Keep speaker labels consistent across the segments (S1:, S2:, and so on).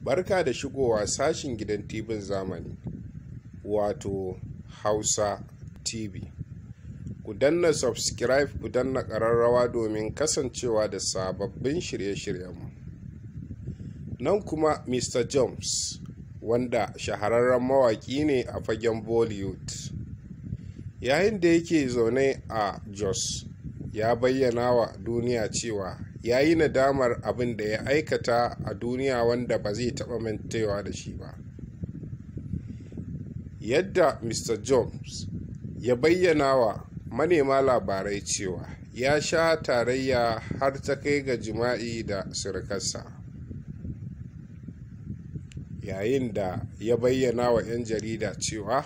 S1: barka da shigowa sashin gidan tv zamani wato hausa tv ku danna subscribe ku danna ƙararrawa domin kasancewa da sababbin shirye-shiryenmu nan kuma mr jones wanda shahararren mawaƙi ne a fagen bollywood yayin da yake zaune a jos ya bayyana wa duniya cewa ya yi nadamar abin da ya aikata a duniya wanda ba zai taɓa mantewa da shi ba yadda mr jones ya bayyana wa manema labarai cewa ya sha tarayya har ta kai ga jima'i da surukarsa yayin da ya bayyana wa 'yan jarida cewa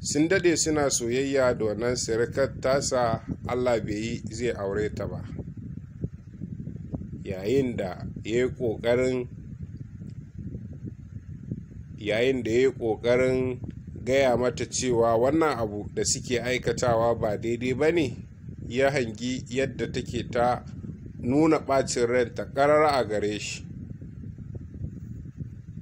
S1: sun dade suna soyayya da wannan sirikar tasa allah bai yi zai aure ta ba yayin da ya yi ƙoƙarin yayin da ya yi ƙoƙarin gaya mata cewa wannan abu da suke aikatawa ba daidai ba ne ya hangi yadda take ta nuna ɓacin ranta ƙarar a gare shi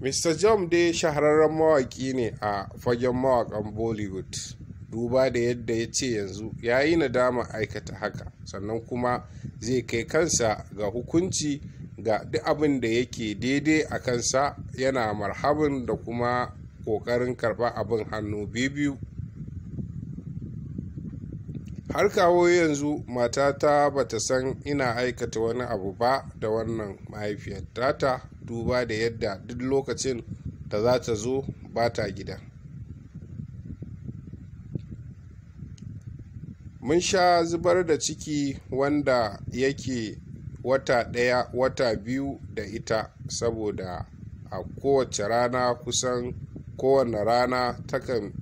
S1: mr john dai shahararren mawaƙi ne a fagen mawaƙan bollywood duba da yadda ya ce yanzu ya yi nadama aikata haka sannan kuma zai kai kansa ga hukunci ga duk abin da yake daidai a kansa yana marhabin da kuma kokarin karɓa abin hannu biyu har kawo yanzu matata ba ta san ina aikata wani abu ba da wannan mahaifiyar tata duba da yadda duk lokacin da za ta zo ba ta gida mun sha zubar da ciki wanda yake wata ɗaya wata biyu da ita saboda a kowace rana kusan kowane rana takan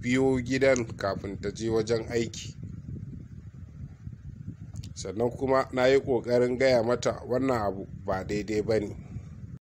S1: biyo gidan kafin ta je wajen aiki sannan kuma na yi ƙoƙarin gaya mata wannan abu ba daidai ba ne